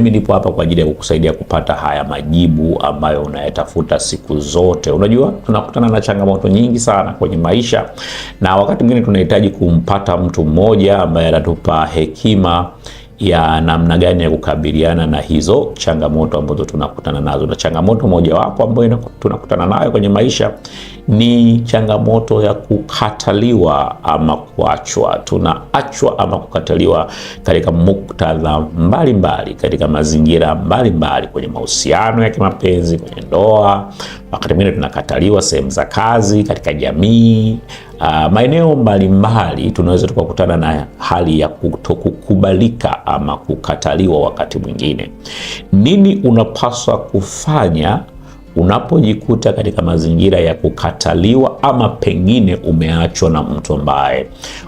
mimi nipo hapa kwa ajili ya kukusaidia kupata haya majibu ambayo unayatafuta siku zote. Unajua, tunakutana na changamoto nyingi sana kwenye maisha, na wakati mwingine tunahitaji kumpata mtu mmoja ambaye anatupa hekima ya namna gani ya kukabiliana na hizo changamoto ambazo tunakutana nazo, na changamoto mojawapo ambayo tunakutana nayo kwenye maisha ni changamoto ya kukataliwa ama kuachwa. Tunaachwa ama kukataliwa katika muktadha mbalimbali, katika mazingira mbalimbali, kwenye mahusiano ya kimapenzi, kwenye ndoa. Wakati mwingine tunakataliwa sehemu za kazi, katika jamii Uh, maeneo mbalimbali tunaweza tukakutana na hali ya kutokukubalika ama kukataliwa wakati mwingine. Nini unapaswa kufanya unapojikuta katika mazingira ya kukataliwa ama pengine umeachwa na mtu ambaye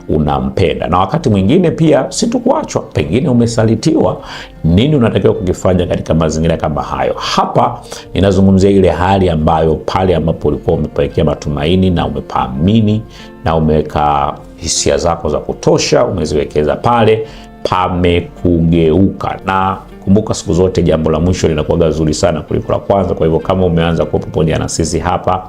unampenda, na wakati mwingine pia si tu kuachwa, pengine umesalitiwa. Nini unatakiwa kukifanya katika mazingira kama hayo? Hapa ninazungumzia ile hali ambayo pale ambapo ulikuwa umepelekea matumaini na umepaamini na umeweka hisia zako za kutosha, umeziwekeza pale, pamekugeuka na Kumbuka siku zote jambo la mwisho linakuwa zuri sana kuliko la kwanza. Kwa hivyo kama umeanza kuwa pamoja na sisi hapa,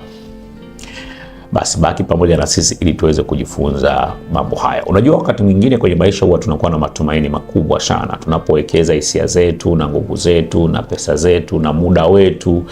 basi baki pamoja na sisi ili tuweze kujifunza mambo haya. Unajua, wakati mwingine kwenye maisha huwa tunakuwa na matumaini makubwa sana tunapowekeza hisia zetu na nguvu zetu na pesa zetu na muda wetu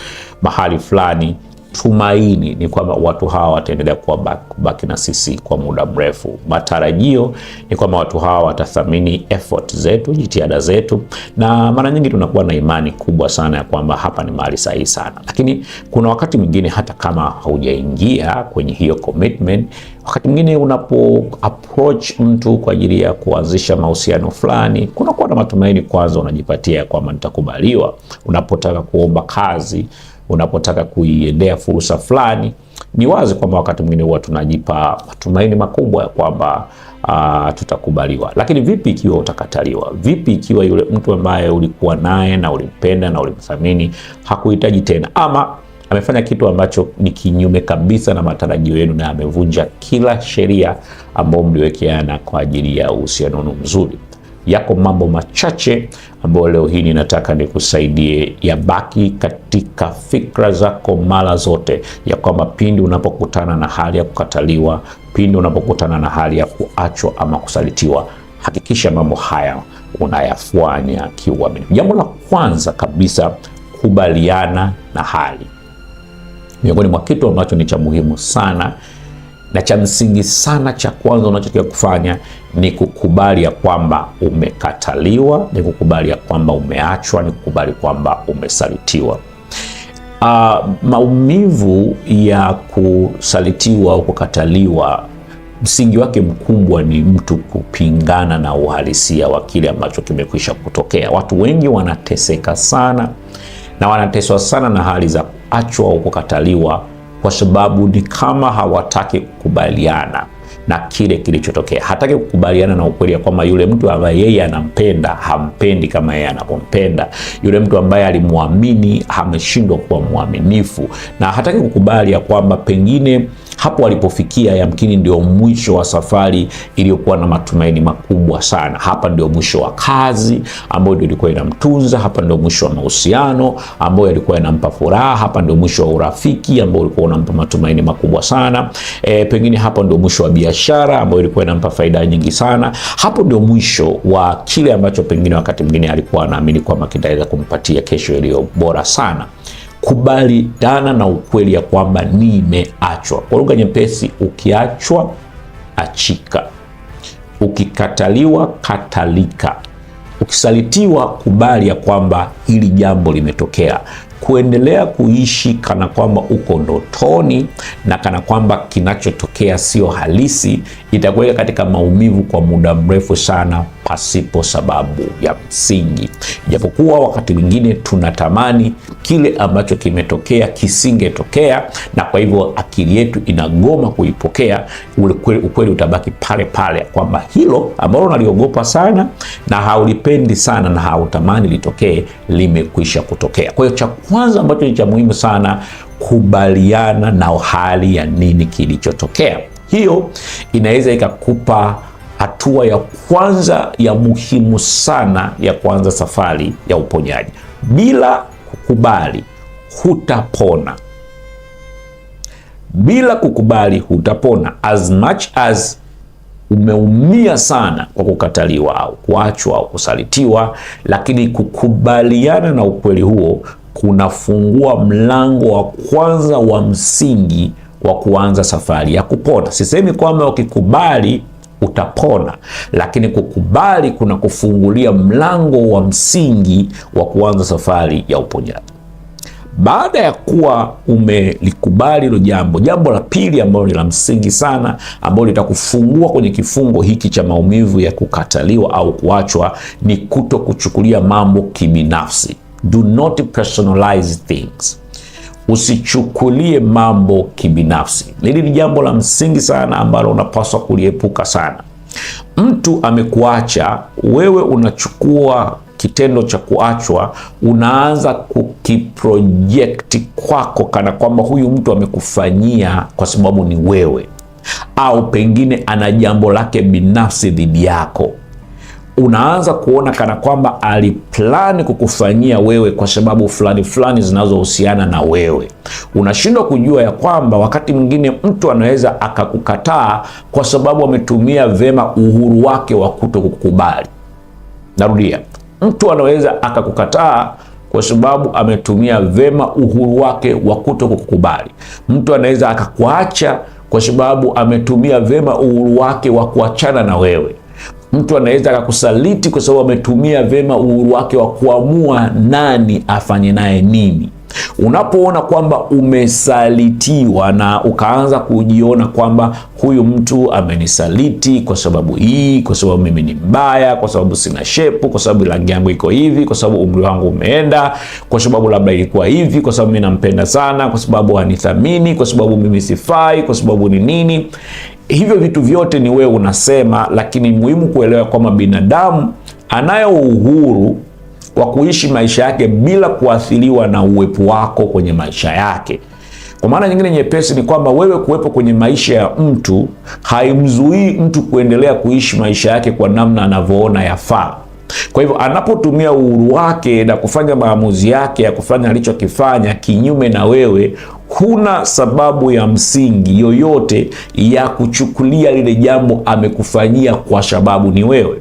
mahali fulani tumaini ni kwamba watu hawa wataendelea kuwa baki na sisi kwa muda mrefu. Matarajio ni kwamba watu hawa watathamini effort zetu, jitihada zetu, na mara nyingi tunakuwa na imani kubwa sana ya kwamba hapa ni mahali sahihi sana, lakini kuna wakati mwingine hata kama haujaingia kwenye hiyo commitment, wakati mwingine unapo approach mtu kwa ajili ya kuanzisha mahusiano fulani, kunakuwa na matumaini kwanza unajipatia kwamba nitakubaliwa. Unapotaka kuomba kazi unapotaka kuiendea fursa fulani, ni wazi kwamba wakati mwingine huwa tunajipa matumaini makubwa ya kwamba uh, tutakubaliwa. Lakini vipi ikiwa utakataliwa? Vipi ikiwa yule mtu ambaye ulikuwa naye na ulimpenda na ulimthamini hakuhitaji tena, ama amefanya kitu ambacho ni kinyume kabisa na matarajio yenu na amevunja kila sheria ambayo mliwekeana kwa ajili ya uhusiano mzuri? Yako mambo machache ambayo leo hii ninataka nikusaidie yabaki katika fikra zako mara zote, ya kwamba pindi unapokutana na hali ya kukataliwa, pindi unapokutana na hali ya kuachwa ama kusalitiwa, hakikisha mambo haya unayafanya kiuaminifu. Jambo la kwanza kabisa, kubaliana na hali. Miongoni mwa kitu ambacho ni cha muhimu sana na cha msingi sana cha kwanza unachotakiwa kufanya ni kukubali ya kwamba umekataliwa, ni kukubali ya kwamba umeachwa, ni kukubali kwamba umesalitiwa. Uh, maumivu ya kusalitiwa au kukataliwa msingi wake mkubwa ni mtu kupingana na uhalisia wa kile ambacho kimekwisha kutokea. Watu wengi wanateseka sana na wanateswa sana na hali za kuachwa au kukataliwa kwa sababu ni kama hawataki kukubaliana na kile kilichotokea. Hataki kukubaliana na ukweli ya kwamba yule mtu ambaye yeye anampenda hampendi kama yeye anavyompenda. Yule mtu ambaye alimwamini ameshindwa kuwa mwaminifu, na hataki kukubali ya kwamba pengine hapo walipofikia yamkini ndio mwisho wa safari iliyokuwa na matumaini makubwa sana. Hapa ndio mwisho wa kazi ambayo ndio ilikuwa inamtunza, hapa ndio mwisho wa mahusiano ambayo yalikuwa yanampa furaha, hapa ndio mwisho wa urafiki ambao ulikuwa unampa matumaini makubwa sana. E, pengine hapa ndio mwisho wa biashara ambayo ilikuwa inampa faida nyingi sana. Hapo ndio mwisho wa kile ambacho pengine wakati mwingine alikuwa anaamini kwamba kitaweza kumpatia kesho iliyo bora sana kubali dana na ukweli ya kwamba nimeachwa. Kwa lugha nyepesi, ukiachwa achika, ukikataliwa katalika, ukisalitiwa kubali ya kwamba hili jambo limetokea. Kuendelea kuishi kana kwamba uko ndotoni na kana kwamba kinachotokea sio halisi itakuweka katika maumivu kwa muda mrefu sana pasipo sababu ya msingi. Japokuwa wakati mwingine tunatamani kile ambacho kimetokea kisingetokea, na kwa hivyo akili yetu inagoma kuipokea, ukweli, ukweli utabaki pale pale kwamba hilo ambalo unaliogopa sana na haulipendi sana na hautamani litokee limekwisha kutokea. Kwa hiyo cha kwanza ambacho ni cha muhimu sana, kubaliana na hali ya nini kilichotokea. Hiyo inaweza ikakupa hatua ya kwanza ya muhimu sana ya kuanza safari ya uponyaji. Bila kukubali hutapona, bila kukubali hutapona. As much as umeumia sana kwa kukataliwa au kuachwa au kusalitiwa, lakini kukubaliana na ukweli huo kunafungua mlango wa kwanza wa msingi wa kuanza safari ya kupona. Sisemi kwamba ukikubali utapona, lakini kukubali kuna kufungulia mlango wa msingi wa kuanza safari ya uponyaji. Baada ya kuwa umelikubali hilo jambo, jambo la pili ambalo ni la msingi sana, ambalo litakufungua kwenye kifungo hiki cha maumivu ya kukataliwa au kuachwa, ni kuto kuchukulia mambo kibinafsi. Do not personalize things usichukulie mambo kibinafsi. Hili ni jambo la msingi sana ambalo unapaswa kuliepuka sana. Mtu amekuacha wewe, unachukua kitendo cha kuachwa, unaanza kukiprojekti kwako, kana kwamba huyu mtu amekufanyia kwa sababu ni wewe, au pengine ana jambo lake binafsi dhidi yako unaanza kuona kana kwamba aliplani kukufanyia wewe kwa sababu fulani fulani zinazohusiana na wewe. Unashindwa kujua ya kwamba wakati mwingine mtu anaweza akakukataa kwa sababu ametumia vema uhuru wake wa kuto kukubali. Narudia, mtu anaweza akakukataa kwa sababu ametumia vema uhuru wake wa kuto kukubali. Mtu anaweza akakuacha kwa sababu ametumia vema uhuru wake wa kuachana na wewe. Mtu anaweza akakusaliti kwa sababu ametumia vema uhuru wake wa kuamua nani afanye naye nini. Unapoona kwamba umesalitiwa na ukaanza kujiona kwamba huyu mtu amenisaliti kwa sababu hii, kwa sababu mimi ni mbaya, kwa sababu sina shepu, kwa sababu rangi yangu iko hivi, kwa sababu umri wangu umeenda, kwa sababu labda ilikuwa hivi, kwa sababu mimi nampenda sana, kwa sababu hanithamini, kwa sababu mimi sifai, kwa sababu ni nini. Hivyo vitu vyote ni wewe unasema, lakini muhimu kuelewa kwamba binadamu anayo uhuru kwa kuishi maisha yake bila kuathiriwa na uwepo wako kwenye maisha yake. Kwa maana nyingine nyepesi ni kwamba wewe kuwepo kwenye maisha ya mtu haimzuii mtu kuendelea kuishi maisha yake kwa namna anavyoona yafaa. Kwa hivyo anapotumia uhuru wake na kufanya maamuzi yake ya kufanya alichokifanya kinyume na wewe, huna sababu ya msingi yoyote ya kuchukulia lile jambo amekufanyia kwa sababu ni wewe.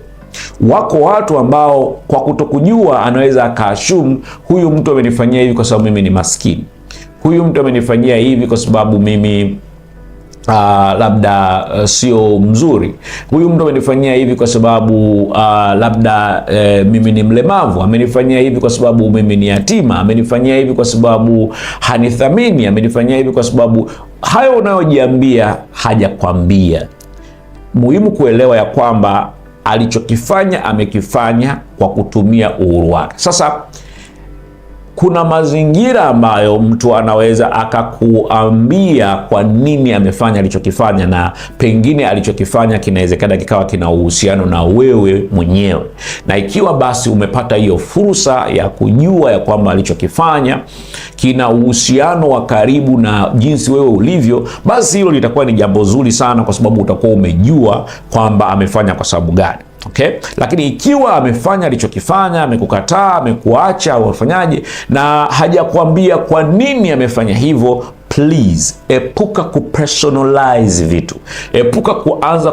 Wako watu ambao kwa kutokujua anaweza akaashumu, huyu mtu amenifanyia hivi kwa sababu mimi ni maskini, huyu mtu amenifanyia hivi kwa sababu mimi Uh, labda uh, sio mzuri. Huyu mtu amenifanyia hivi kwa sababu uh, labda uh, mimi ni mlemavu, amenifanyia hivi kwa sababu mimi ni yatima, amenifanyia hivi kwa sababu hanithamini, amenifanyia hivi kwa sababu. Hayo unayojiambia hajakwambia. Muhimu kuelewa ya kwamba alichokifanya amekifanya kwa kutumia uhuru wake. Sasa kuna mazingira ambayo mtu anaweza akakuambia kwa nini amefanya alichokifanya, na pengine alichokifanya kinawezekana kikawa kina uhusiano na wewe mwenyewe. Na ikiwa basi umepata hiyo fursa ya kujua ya kwamba alichokifanya kina uhusiano wa karibu na jinsi wewe ulivyo, basi hilo litakuwa ni jambo zuri sana, kwa sababu utakuwa umejua kwamba amefanya kwa sababu gani okay? Lakini ikiwa amefanya alichokifanya, amekukataa, amekuacha au afanyaje, na hajakwambia kwa nini amefanya hivyo Please, epuka kupersonalize vitu, epuka kuanza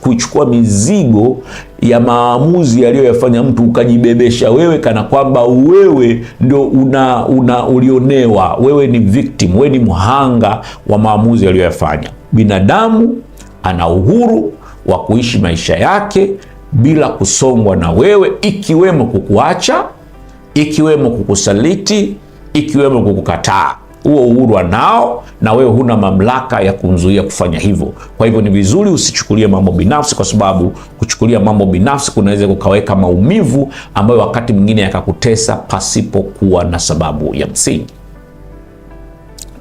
kuchukua mizigo ya maamuzi yaliyoyafanya mtu ukajibebesha wewe, kana kwamba wewe ndio una, una ulionewa, wewe ni victim, wewe ni mhanga wa maamuzi yaliyoyafanya. Binadamu ana uhuru wa kuishi maisha yake bila kusongwa na wewe, ikiwemo kukuacha, ikiwemo kukusaliti, ikiwemo kukukataa. Huo uhuru anao, na wewe huna mamlaka ya kumzuia kufanya hivyo. Kwa hivyo ni vizuri usichukulie mambo binafsi, kwa sababu kuchukulia mambo binafsi kunaweza kukaweka maumivu ambayo wakati mwingine yakakutesa pasipokuwa na sababu ya msingi.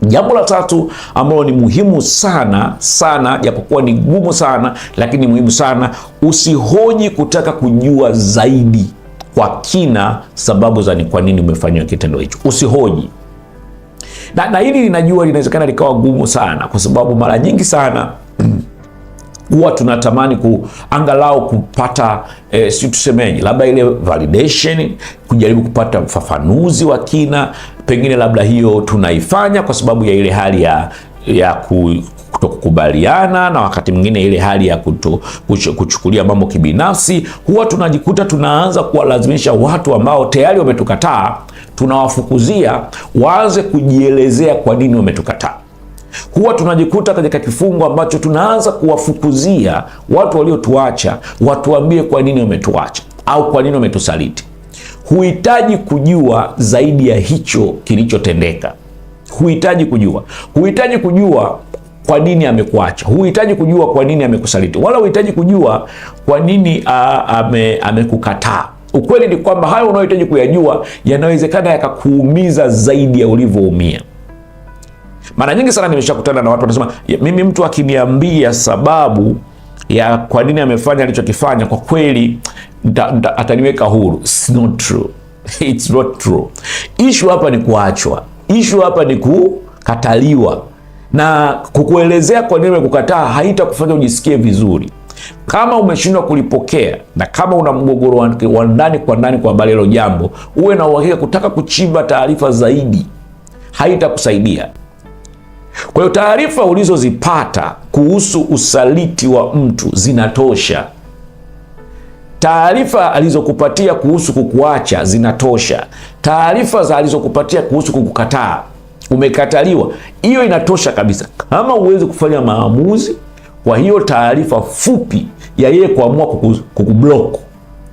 Jambo la tatu ambalo ni muhimu sana sana, japokuwa ni gumu sana, lakini muhimu sana, usihoji kutaka kujua zaidi kwa kina sababu za ni kwa nini umefanyiwa kitendo hicho, usihoji na, na hili linajua linawezekana likawa gumu sana, kwa sababu mara nyingi sana huwa tunatamani kuangalau kupata e, si tusemeje, labda ile validation, kujaribu kupata ufafanuzi wa kina, pengine labda hiyo tunaifanya kwa sababu ya ile hali ya, ya ku, kutokukubaliana na wakati mwingine ile hali ya kuto, kuchukulia mambo kibinafsi. Huwa tunajikuta tunaanza kuwalazimisha watu ambao tayari wametukataa, tunawafukuzia waanze kujielezea kwa nini wametukataa huwa tunajikuta katika kifungo ambacho tunaanza kuwafukuzia watu waliotuacha, watuambie kwa nini wametuacha au kwa nini wametusaliti. Huhitaji kujua zaidi ya hicho kilichotendeka, huhitaji kujua, huhitaji kujua kwa nini amekuacha, huhitaji kujua kwa nini amekusaliti, wala huhitaji kujua kwa nini amekukataa. Ukweli ni kwamba hayo unayohitaji kuyajua yanawezekana yakakuumiza zaidi ya ulivyoumia. Mara nyingi sana nimeshakutana na watu wanasema, mimi mtu akiniambia sababu ya kwa nini amefanya alichokifanya, kwa kweli ataniweka huru. It's not true. It's not true. Ishu hapa ni kuachwa, ishu hapa ni kukataliwa, na kukuelezea kwa nini amekukataa haitakufanya ujisikie vizuri. Kama umeshindwa kulipokea na kama una mgogoro wa ndani kwa ndani kwa habari hilo jambo, uwe na uhakika kutaka kuchimba taarifa zaidi haitakusaidia. Kwa hiyo taarifa ulizozipata kuhusu usaliti wa mtu zinatosha. Taarifa alizokupatia kuhusu kukuacha zinatosha. Taarifa alizokupatia kuhusu kukukataa, umekataliwa, hiyo inatosha kabisa. Kama uweze kufanya maamuzi kwa hiyo taarifa fupi ya yeye kuamua kukublock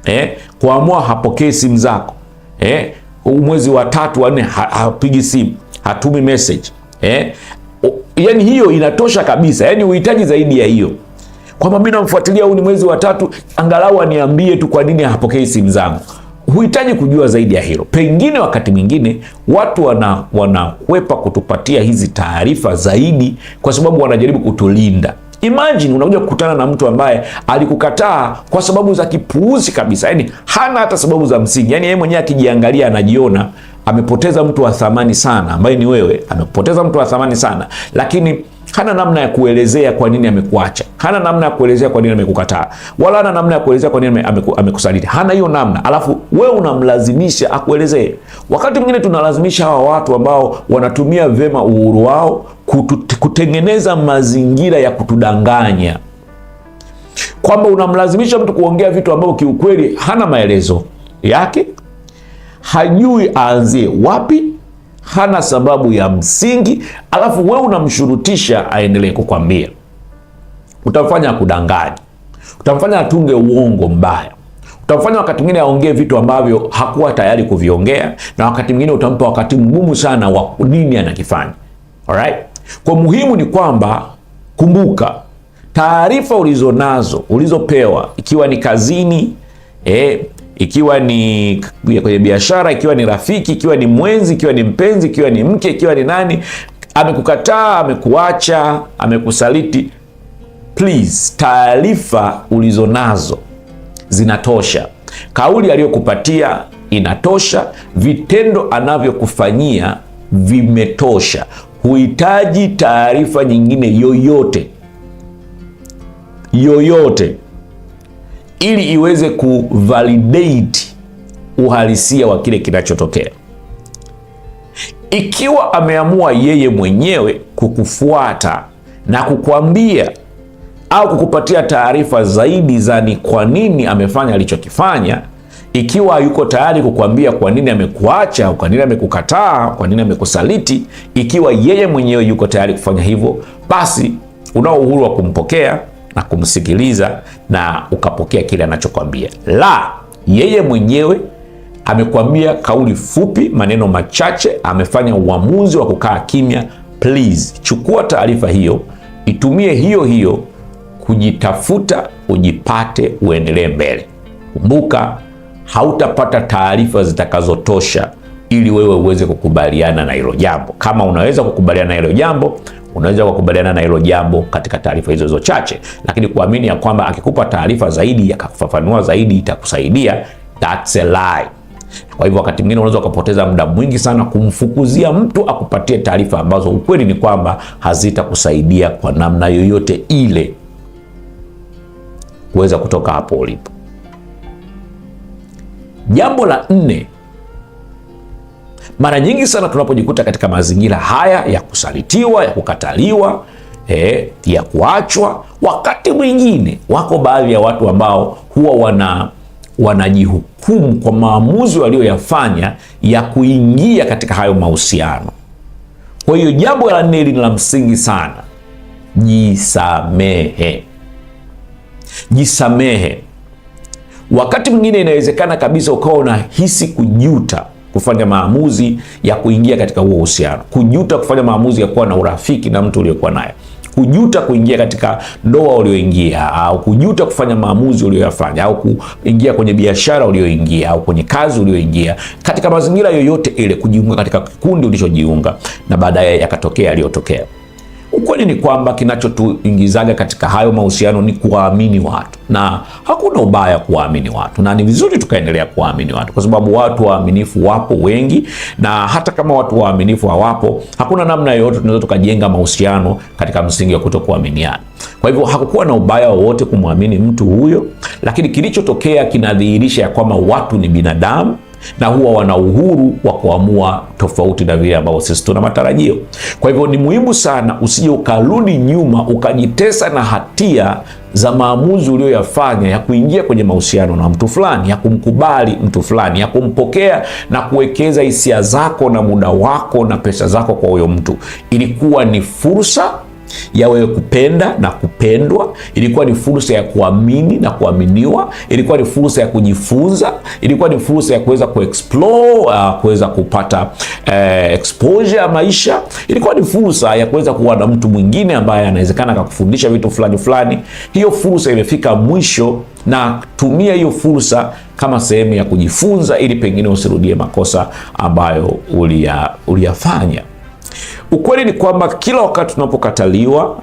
eh, kuamua hapokee simu zako eh, mwezi wa tatu wa nne hapigi simu, hatumi message eh, yani hiyo inatosha kabisa, yani uhitaji zaidi ya hiyo, kwamba mi namfuatilia huu ni mwezi wa tatu, angalau aniambie tu kwa nini hapokei simu zangu. Huhitaji kujua zaidi ya hilo. Pengine wakati mwingine watu wana, wanakwepa kutupatia hizi taarifa zaidi kwa sababu wanajaribu kutulinda. Imagine unakuja kukutana na mtu ambaye alikukataa kwa sababu za kipuuzi kabisa, yani hana hata sababu za msingi, yani yeye mwenyewe akijiangalia anajiona amepoteza mtu wa thamani sana, ambaye ni wewe. Amepoteza mtu wa thamani sana, lakini hana namna ya kuelezea kwa nini amekuacha, hana namna ya kuelezea kwa nini amekukataa, wala hana namna ya kuelezea kwa nini amekusaliti. Hana hiyo namna, alafu wewe unamlazimisha akuelezee. Wakati mwingine tunalazimisha hawa watu ambao wanatumia vyema uhuru wao kutu, kutengeneza mazingira ya kutudanganya kwamba unamlazimisha mtu kuongea vitu ambavyo kiukweli hana maelezo yake hajui aanzie wapi, hana sababu ya msingi, alafu wewe unamshurutisha aendelee kukwambia. Utamfanya kudangani utamfanya atunge uongo mbaya, utamfanya wakati mwingine aongee vitu ambavyo hakuwa tayari kuviongea, na wakati mwingine utampa wakati mgumu sana wa nini anakifanya. Alright, kwa muhimu ni kwamba kumbuka taarifa ulizonazo ulizopewa, ikiwa ni kazini eh, ikiwa ni kwenye biashara, ikiwa ni rafiki, ikiwa ni mwenzi, ikiwa ni mpenzi, ikiwa ni mke, ikiwa ni nani, amekukataa, amekuacha, amekusaliti, please, taarifa ulizonazo zinatosha. Kauli aliyokupatia inatosha, vitendo anavyokufanyia vimetosha. Huhitaji taarifa nyingine yoyote yoyote ili iweze kuvalidate uhalisia wa kile kinachotokea. Ikiwa ameamua yeye mwenyewe kukufuata na kukwambia au kukupatia taarifa zaidi za ni kwa nini amefanya alichokifanya, ikiwa yuko tayari kukwambia kwa nini amekuacha, kwa nini amekukataa, kwa nini amekusaliti, ikiwa yeye mwenyewe yuko tayari kufanya hivyo, basi unao uhuru wa kumpokea na kumsikiliza na ukapokea kile anachokwambia. La, yeye mwenyewe amekwambia kauli fupi, maneno machache, amefanya uamuzi wa kukaa kimya. Please chukua taarifa hiyo, itumie hiyo hiyo kujitafuta, ujipate, uendelee mbele. Kumbuka, hautapata taarifa zitakazotosha ili wewe uweze kukubaliana na hilo jambo. Kama unaweza kukubaliana na hilo jambo, unaweza kukubaliana na hilo jambo katika taarifa hizo hizo chache, lakini kuamini ya kwamba akikupa taarifa zaidi akakufafanua zaidi itakusaidia, that's a lie. Kwa hivyo wakati mwingine unaweza ukapoteza muda mwingi sana kumfukuzia mtu akupatie taarifa ambazo ukweli ni kwamba hazitakusaidia kwa namna yoyote ile kuweza kutoka hapo ulipo. Jambo la nne mara nyingi sana tunapojikuta katika mazingira haya ya kusalitiwa, ya kukataliwa, eh, ya kuachwa, wakati mwingine wako baadhi ya watu ambao huwa wana wanajihukumu kwa maamuzi walioyafanya ya kuingia katika hayo mahusiano. Kwa hiyo jambo la nne ni la msingi sana, jisamehe. Jisamehe. Wakati mwingine inawezekana kabisa ukawa unahisi kujuta kufanya maamuzi ya kuingia katika huo uhusiano, kujuta kufanya maamuzi ya kuwa na urafiki na mtu uliokuwa naye kujuta kuingia katika ndoa ulioingia au kujuta kufanya maamuzi uliyoyafanya au kuingia kwenye biashara ulioingia au kwenye kazi ulioingia, katika mazingira yoyote ile, kujiunga katika kikundi ulichojiunga na baadaye yakatokea yaliyotokea. Ukweli ni kwamba kinachotuingizaga katika hayo mahusiano ni kuwaamini watu, na hakuna ubaya kuwaamini watu, na ni vizuri tukaendelea kuwaamini watu, kwa sababu watu waaminifu wapo wengi, na hata kama watu waaminifu hawapo, hakuna namna yoyote tunaweza tukajenga mahusiano katika msingi wa kutokuaminiana. Kwa hivyo hakukuwa na ubaya wowote kumwamini mtu huyo, lakini kilichotokea kinadhihirisha ya kwamba watu ni binadamu na huwa wana uhuru wa kuamua tofauti na vile ambavyo sisi tuna matarajio. Kwa hivyo ni muhimu sana usije ukarudi nyuma ukajitesa na hatia za maamuzi uliyoyafanya ya kuingia kwenye mahusiano na mtu fulani, ya kumkubali mtu fulani, ya kumpokea na kuwekeza hisia zako na muda wako na pesa zako kwa huyo mtu. Ilikuwa ni fursa ya wewe kupenda na kupendwa. Ilikuwa ni fursa ya kuamini na kuaminiwa. Ilikuwa ni fursa ya kujifunza. Ilikuwa ni fursa ya kuweza kuexplore, uh, kuweza kupata uh, exposure ya maisha. Ilikuwa ni fursa ya kuweza kuwa na mtu mwingine ambaye anawezekana akakufundisha vitu fulani fulani. Hiyo fursa imefika mwisho, na tumia hiyo fursa kama sehemu ya kujifunza, ili pengine usirudie makosa ambayo uliyafanya. Ukweli ni kwamba kila wakati tunapokataliwa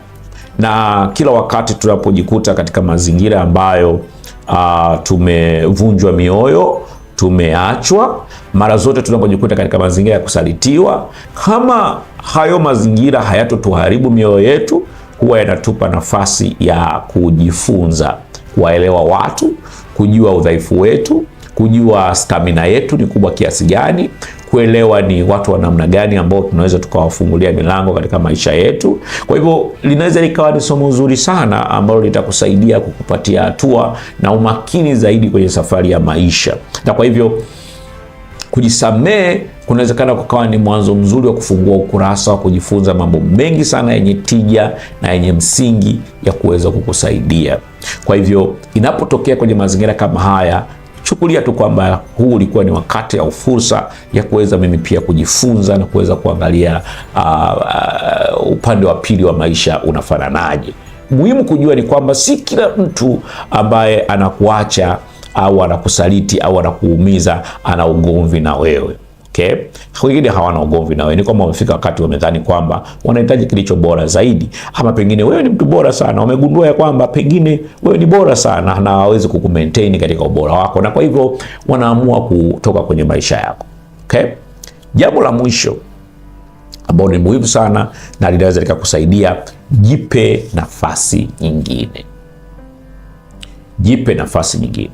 na kila wakati tunapojikuta katika mazingira ambayo uh, tumevunjwa mioyo, tumeachwa, mara zote tunapojikuta katika mazingira ya kusalitiwa, kama hayo mazingira hayatotuharibu mioyo yetu, huwa yanatupa nafasi ya kujifunza kuwaelewa watu, kujua udhaifu wetu, kujua stamina yetu ni kubwa kiasi gani, kuelewa ni watu wa namna gani ambao tunaweza tukawafungulia milango katika maisha yetu. Kwa hivyo linaweza likawa ni somo zuri sana ambalo litakusaidia kukupatia hatua na umakini zaidi kwenye safari ya maisha, na kwa hivyo kujisamehe kunawezekana kukawa ni mwanzo mzuri wa kufungua ukurasa wa kujifunza mambo mengi sana yenye tija na yenye msingi ya kuweza kukusaidia. Kwa hivyo inapotokea kwenye mazingira kama haya, Chukulia tu kwamba huu ulikuwa ni wakati au fursa ya kuweza mimi pia kujifunza na kuweza kuangalia uh, uh, upande wa pili wa maisha unafananaje. Muhimu kujua ni kwamba si kila mtu ambaye anakuacha au anakusaliti au anakuumiza ana ugomvi na wewe. Okay. Wengine hawana ugomvi na wewe, ni kwamba wamefika wakati wamedhani kwamba wanahitaji kilicho bora zaidi, ama pengine wewe ni mtu bora sana, wamegundua ya kwamba pengine wewe ni bora sana na hawawezi kukumaintain katika ubora wako, na kwa hivyo wanaamua kutoka kwenye maisha yako. Okay. Jambo la mwisho ambalo ni muhimu sana na linaweza likakusaidia, jipe nafasi nyingine, jipe nafasi nyingine.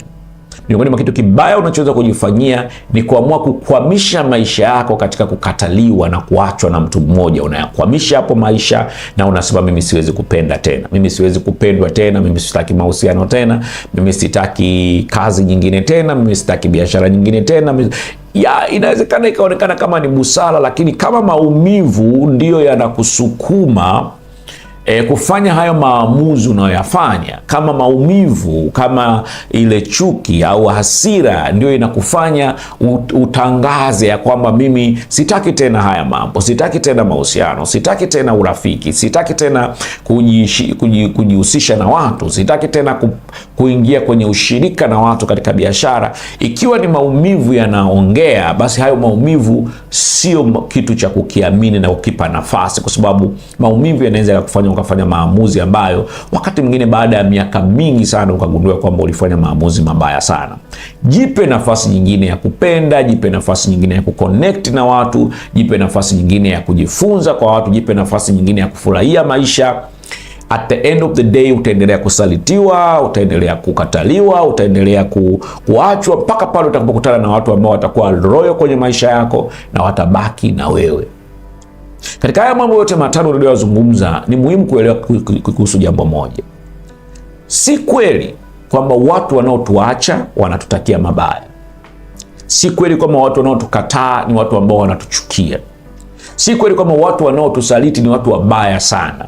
Miongoni mwa kitu kibaya unachoweza kujifanyia ni kuamua kukwamisha maisha yako katika kukataliwa na kuachwa na mtu mmoja. Unayakwamisha hapo maisha na unasema, mimi siwezi kupenda tena, mimi siwezi kupendwa tena, mimi sitaki mahusiano tena, mimi sitaki kazi nyingine tena, mimi sitaki biashara nyingine tena ya inawezekana ikaonekana kama ni busara, lakini kama maumivu ndiyo yanakusukuma E, kufanya hayo maamuzi unayoyafanya, kama maumivu, kama ile chuki au hasira ndio inakufanya utangaze ya kwamba mimi sitaki tena haya mambo, sitaki tena mahusiano, sitaki tena urafiki, sitaki tena kujihusisha na watu, sitaki tena ku, kuingia kwenye ushirika na watu katika biashara. Ikiwa ni maumivu yanaongea, basi hayo maumivu sio kitu cha kukiamini na kukipa nafasi, kwa sababu maumivu yanaweza kufanya ukafanya maamuzi ambayo wakati mwingine baada ya miaka mingi sana ukagundua kwamba ulifanya maamuzi mabaya sana. Jipe nafasi nyingine ya kupenda, jipe nafasi nyingine ya kuconnect na watu, jipe nafasi nyingine ya kujifunza kwa watu, jipe nafasi nyingine ya kufurahia maisha. At the end of the day utaendelea kusalitiwa, utaendelea kukataliwa, utaendelea ku, kuachwa mpaka pale utakapokutana na watu ambao watakuwa royo kwenye maisha yako na watabaki na wewe. Katika haya mambo yote matano niliyozungumza, ni muhimu kuelewa kuhusu jambo moja. Si kweli kwamba watu wanaotuacha wanatutakia mabaya. Si kweli kwamba watu wanaotukataa ni watu ambao wanatuchukia. Si kweli kwamba watu wanaotusaliti ni watu wabaya sana,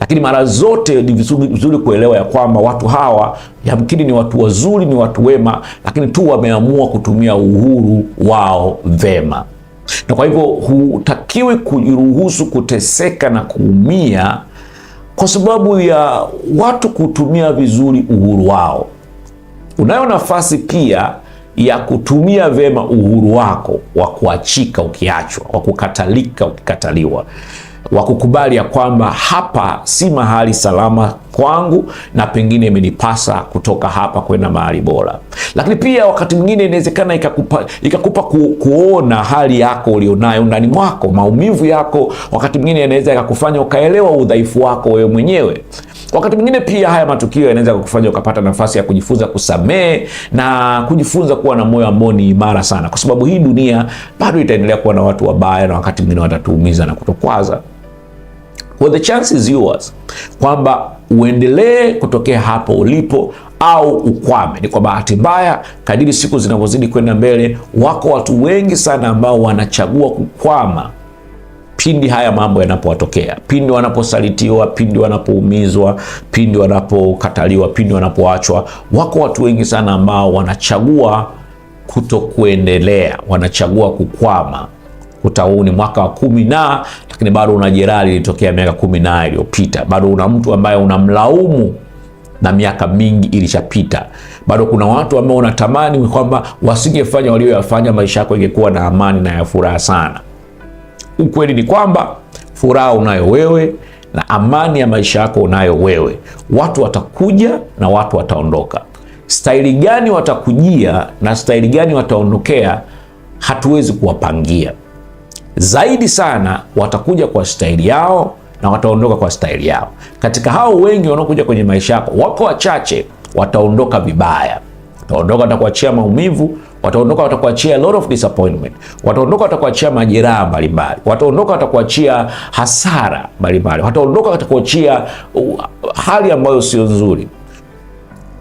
lakini mara zote ni vizuri kuelewa ya kwamba watu hawa yamkini ni watu wazuri, ni watu wema, lakini tu wameamua kutumia uhuru wao vema na kwa hivyo hutakiwi kujiruhusu kuteseka na kuumia kwa sababu ya watu kutumia vizuri uhuru wao. Unayo nafasi pia ya kutumia vyema uhuru wako wa kuachika ukiachwa, wa kukatalika ukikataliwa wa kukubali ya kwamba hapa si mahali salama kwangu, na pengine imenipasa kutoka hapa kwenda mahali bora. Lakini pia wakati mwingine inawezekana ikakupa, ikakupa ku, kuona hali yako ulionayo ndani mwako, maumivu yako, wakati mwingine inaweza ikakufanya ukaelewa udhaifu wako wewe mwenyewe. Wakati mwingine pia haya matukio yanaweza kukufanya ukapata nafasi ya kujifunza kusamehe na kujifunza kuwa na moyo ambao ni imara sana, kwa sababu hii dunia bado itaendelea kuwa na watu wabaya, na wakati mwingine watatuumiza na kutokwaza well, the chance is yours kwamba uendelee kutokea hapo ulipo au ukwame. Ni kwa bahati mbaya, kadiri siku zinavyozidi kwenda mbele, wako watu wengi sana ambao wanachagua kukwama pindi haya mambo yanapowatokea, pindi wanaposalitiwa, pindi wanapoumizwa, pindi wanapokataliwa, pindi wanapoachwa. Wako watu wengi sana ambao wanachagua kutokuendelea, wanachagua kukwama utauu ni mwaka wa kumi na, lakini bado una jeraha lilitokea miaka kumi na iliyopita. Bado una mtu ambaye unamlaumu na miaka mingi ilishapita. Bado kuna watu ambao unatamani kwamba wasingefanya walioyafanya, maisha yako ingekuwa na amani na ya furaha sana. Ukweli ni kwamba furaha unayo wewe na amani ya maisha yako unayo wewe. Watu watakuja na watu wataondoka. Staili gani watakujia na staili gani wataondokea, hatuwezi kuwapangia zaidi sana watakuja kwa staili yao na wataondoka kwa staili yao. Katika hao wengi wanaokuja kwenye maisha yako, wako wachache wataondoka vibaya. Wataondoka watakuachia maumivu, wataondoka watakuachia lot of disappointment, wataondoka watakuachia majeraha mbalimbali, wataondoka watakuachia hasara mbalimbali, wataondoka watakuachia uh, hali ambayo sio nzuri.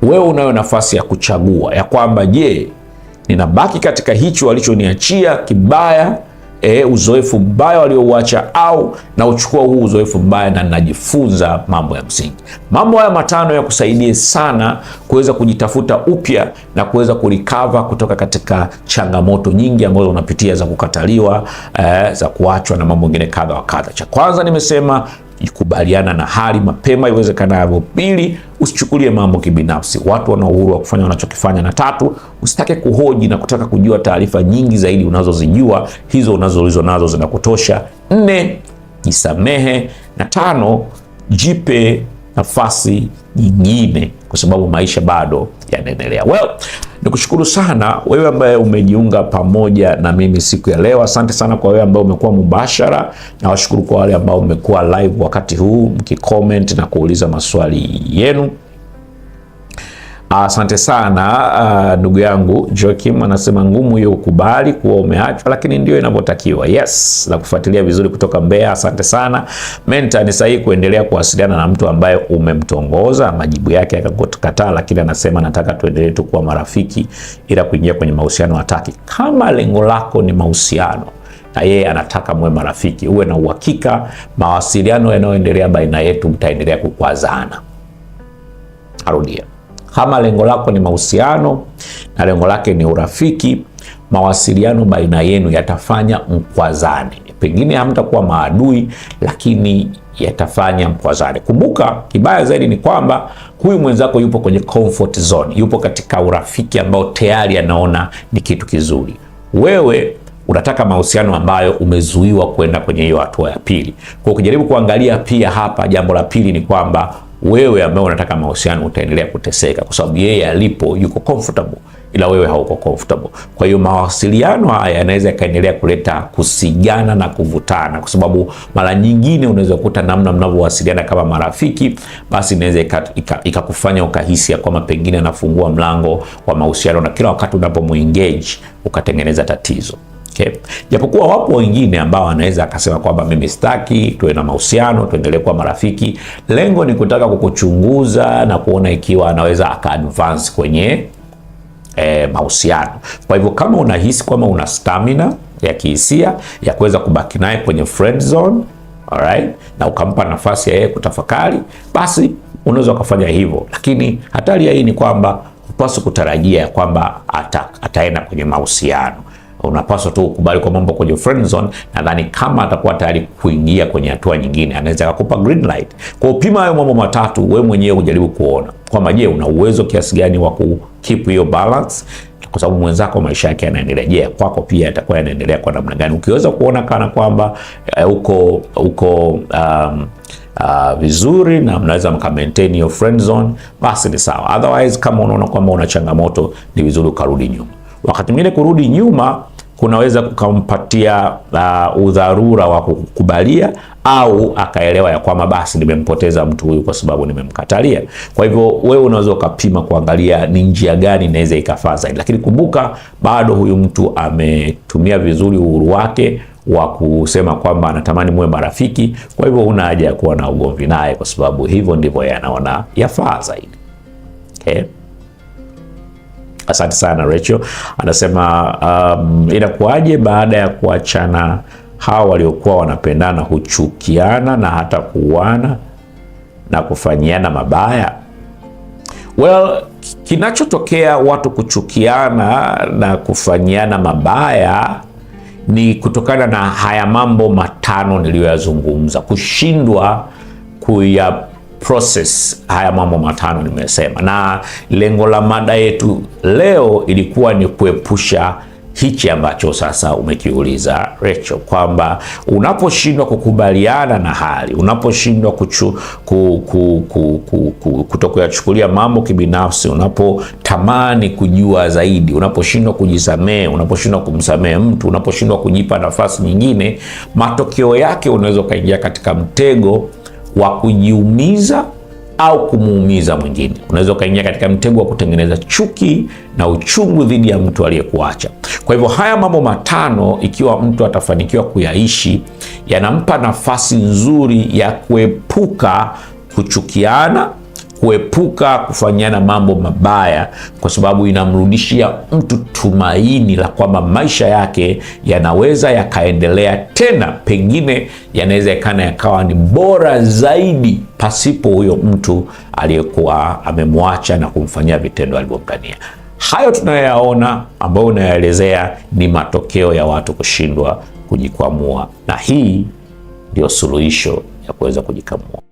Wewe unayo nafasi ya kuchagua ya kwamba, je, ninabaki katika hicho walichoniachia kibaya e, uzoefu mbaya waliouacha au nauchukua huu uzoefu mbaya na ninajifunza mambo ya msingi. Mambo haya matano yakusaidie sana kuweza kujitafuta upya na kuweza kurikava kutoka katika changamoto nyingi ambazo unapitia za kukataliwa, e, za kuachwa na mambo mengine kadha wa kadha. Cha kwanza nimesema, kubaliana na hali mapema iwezekanavyo. Pili, usichukulie mambo kibinafsi. Watu wana uhuru wa kufanya wanachokifanya. Na tatu, usitake kuhoji na kutaka kujua taarifa nyingi zaidi unazozijua, hizo unazoulizwa nazo zinakutosha. Nne, jisamehe. Na tano, jipe nafasi nyingine, kwa sababu maisha bado yanaendelea. Well, nikushukuru sana wewe ambaye umejiunga pamoja na mimi siku ya leo. Asante sana kwa wewe ambaye umekuwa mubashara, na washukuru kwa wale ambao mmekuwa live wakati huu mkicomment na kuuliza maswali yenu. Asante sana uh, ndugu yangu Joakim anasema ngumu hiyo kukubali kuwa umeachwa, lakini ndio inavyotakiwa. Yes, na kufuatilia vizuri kutoka Mbeya. Asante sana Menta, ni sahihi kuendelea kuwasiliana na mtu ambaye umemtongoza. Majibu yake akakukataa, lakini anasema nataka tuendelee tu kuwa marafiki, ila kuingia kwenye mahusiano hataki. Kama lengo lako ni mahusiano na yeye anataka mwe marafiki, uwe na uhakika mawasiliano yanayoendelea baina yetu mtaendelea kukwazana. Arudia. Kama lengo lako ni mahusiano na lengo lake ni urafiki, mawasiliano baina yenu yatafanya mkwazane. Pengine hamtakuwa maadui, lakini yatafanya mkwazane. Kumbuka, kibaya zaidi ni kwamba huyu mwenzako yupo kwenye comfort zone, yupo katika urafiki ambao tayari anaona ni kitu kizuri. Wewe unataka mahusiano ambayo umezuiwa kwenda kwenye hiyo hatua ya pili. Kwa ukijaribu kuangalia pia hapa, jambo la pili ni kwamba wewe ambaye unataka mahusiano utaendelea kuteseka, kwa sababu yeye alipo yuko comfortable, ila wewe hauko comfortable. Kwa hiyo mawasiliano haya yanaweza yakaendelea kuleta kusigana na kuvutana, kwa sababu mara nyingine unaweza kukuta namna mnavyowasiliana kama marafiki, basi inaweza ikakufanya ukahisi ya kwamba pengine anafungua mlango wa mahusiano, na kila wakati unapomuengage ukatengeneza tatizo. Okay. Japokuwa wapo wengine ambao anaweza akasema kwamba mimi sitaki tuwe na mahusiano, tuendelee kuwa marafiki. Lengo ni kutaka kukuchunguza na kuona ikiwa anaweza aka advance kwenye e, mahusiano. Kwa hivyo kama unahisi kwamba una stamina ya kihisia ya kuweza kubaki naye kwenye friend zone, alright, na ukampa nafasi ya yeye kutafakari, basi unaweza ukafanya hivyo, lakini hatari ya hii ni kwamba hupaswi kutarajia ya kwamba ataenda kwenye mahusiano unapaswa tu ukubali kwa mambo kwenye friend zone. Nadhani kama atakuwa tayari kuingia kwenye hatua nyingine, anaweza akakupa green light. Kwa upima hayo mambo matatu, wewe mwenyewe ujaribu kuona kwamba je, una uwezo kiasi gani wa ku keep hiyo balance kwa sababu mwenzako maisha yake yanaendelea. Je, kwako pia yatakuwa yanaendelea kwa namna gani? Ukiweza kuona kana kwamba eh, uko uko um, Uh, vizuri na mnaweza mka maintain your friend zone, basi ni sawa. Otherwise, kama unaona kwamba una changamoto, ni vizuri ukarudi nyuma. Wakati mwingine kurudi nyuma kunaweza kukampatia uh, udharura wa kukubalia au akaelewa ya kwamba basi nimempoteza mtu huyu kwa sababu nimemkatalia. Kwa hivyo wewe unaweza ukapima kuangalia ni njia gani inaweza ikafaa zaidi, lakini kumbuka bado huyu mtu ametumia vizuri uhuru wake wa kusema kwamba anatamani muwe marafiki. Kwa hivyo una haja ya kuwa na ugomvi naye, kwa sababu hivyo ndivyo yanaona yafaa zaidi, okay? Asante sana Rachel. Anasema um, inakuwaje baada ya kuachana hawa waliokuwa wanapendana huchukiana na hata kuuana na kufanyiana mabaya? Well, kinachotokea watu kuchukiana na kufanyiana mabaya ni kutokana na haya mambo matano niliyoyazungumza, kushindwa kuya process haya mambo matano nimesema, na lengo la mada yetu leo ilikuwa ni kuepusha hichi ambacho sasa umekiuliza Rachel, kwamba unaposhindwa kukubaliana na hali, unaposhindwa kuchu, ku, ku, ku, ku, ku, kutokuyachukulia mambo kibinafsi, unapotamani kujua zaidi, unaposhindwa kujisamehe, unaposhindwa kumsamehe mtu, unaposhindwa kujipa nafasi nyingine, matokeo yake unaweza ukaingia katika mtego wa kujiumiza au kumuumiza mwingine. Unaweza ukaingia katika mtego wa kutengeneza chuki na uchungu dhidi ya mtu aliyekuacha. Kwa hivyo haya mambo matano, ikiwa mtu atafanikiwa kuyaishi, yanampa nafasi nzuri ya kuepuka kuchukiana kuepuka kufanyana mambo mabaya, kwa sababu inamrudishia mtu tumaini la kwamba maisha yake yanaweza yakaendelea tena, pengine yanaweza kana yakawa ni bora zaidi pasipo huyo mtu aliyekuwa amemwacha na kumfanyia vitendo alivyomdania. Hayo tunayoyaona ambayo unayaelezea ni matokeo ya watu kushindwa kujikwamua, na hii ndio suluhisho ya kuweza kujikamua.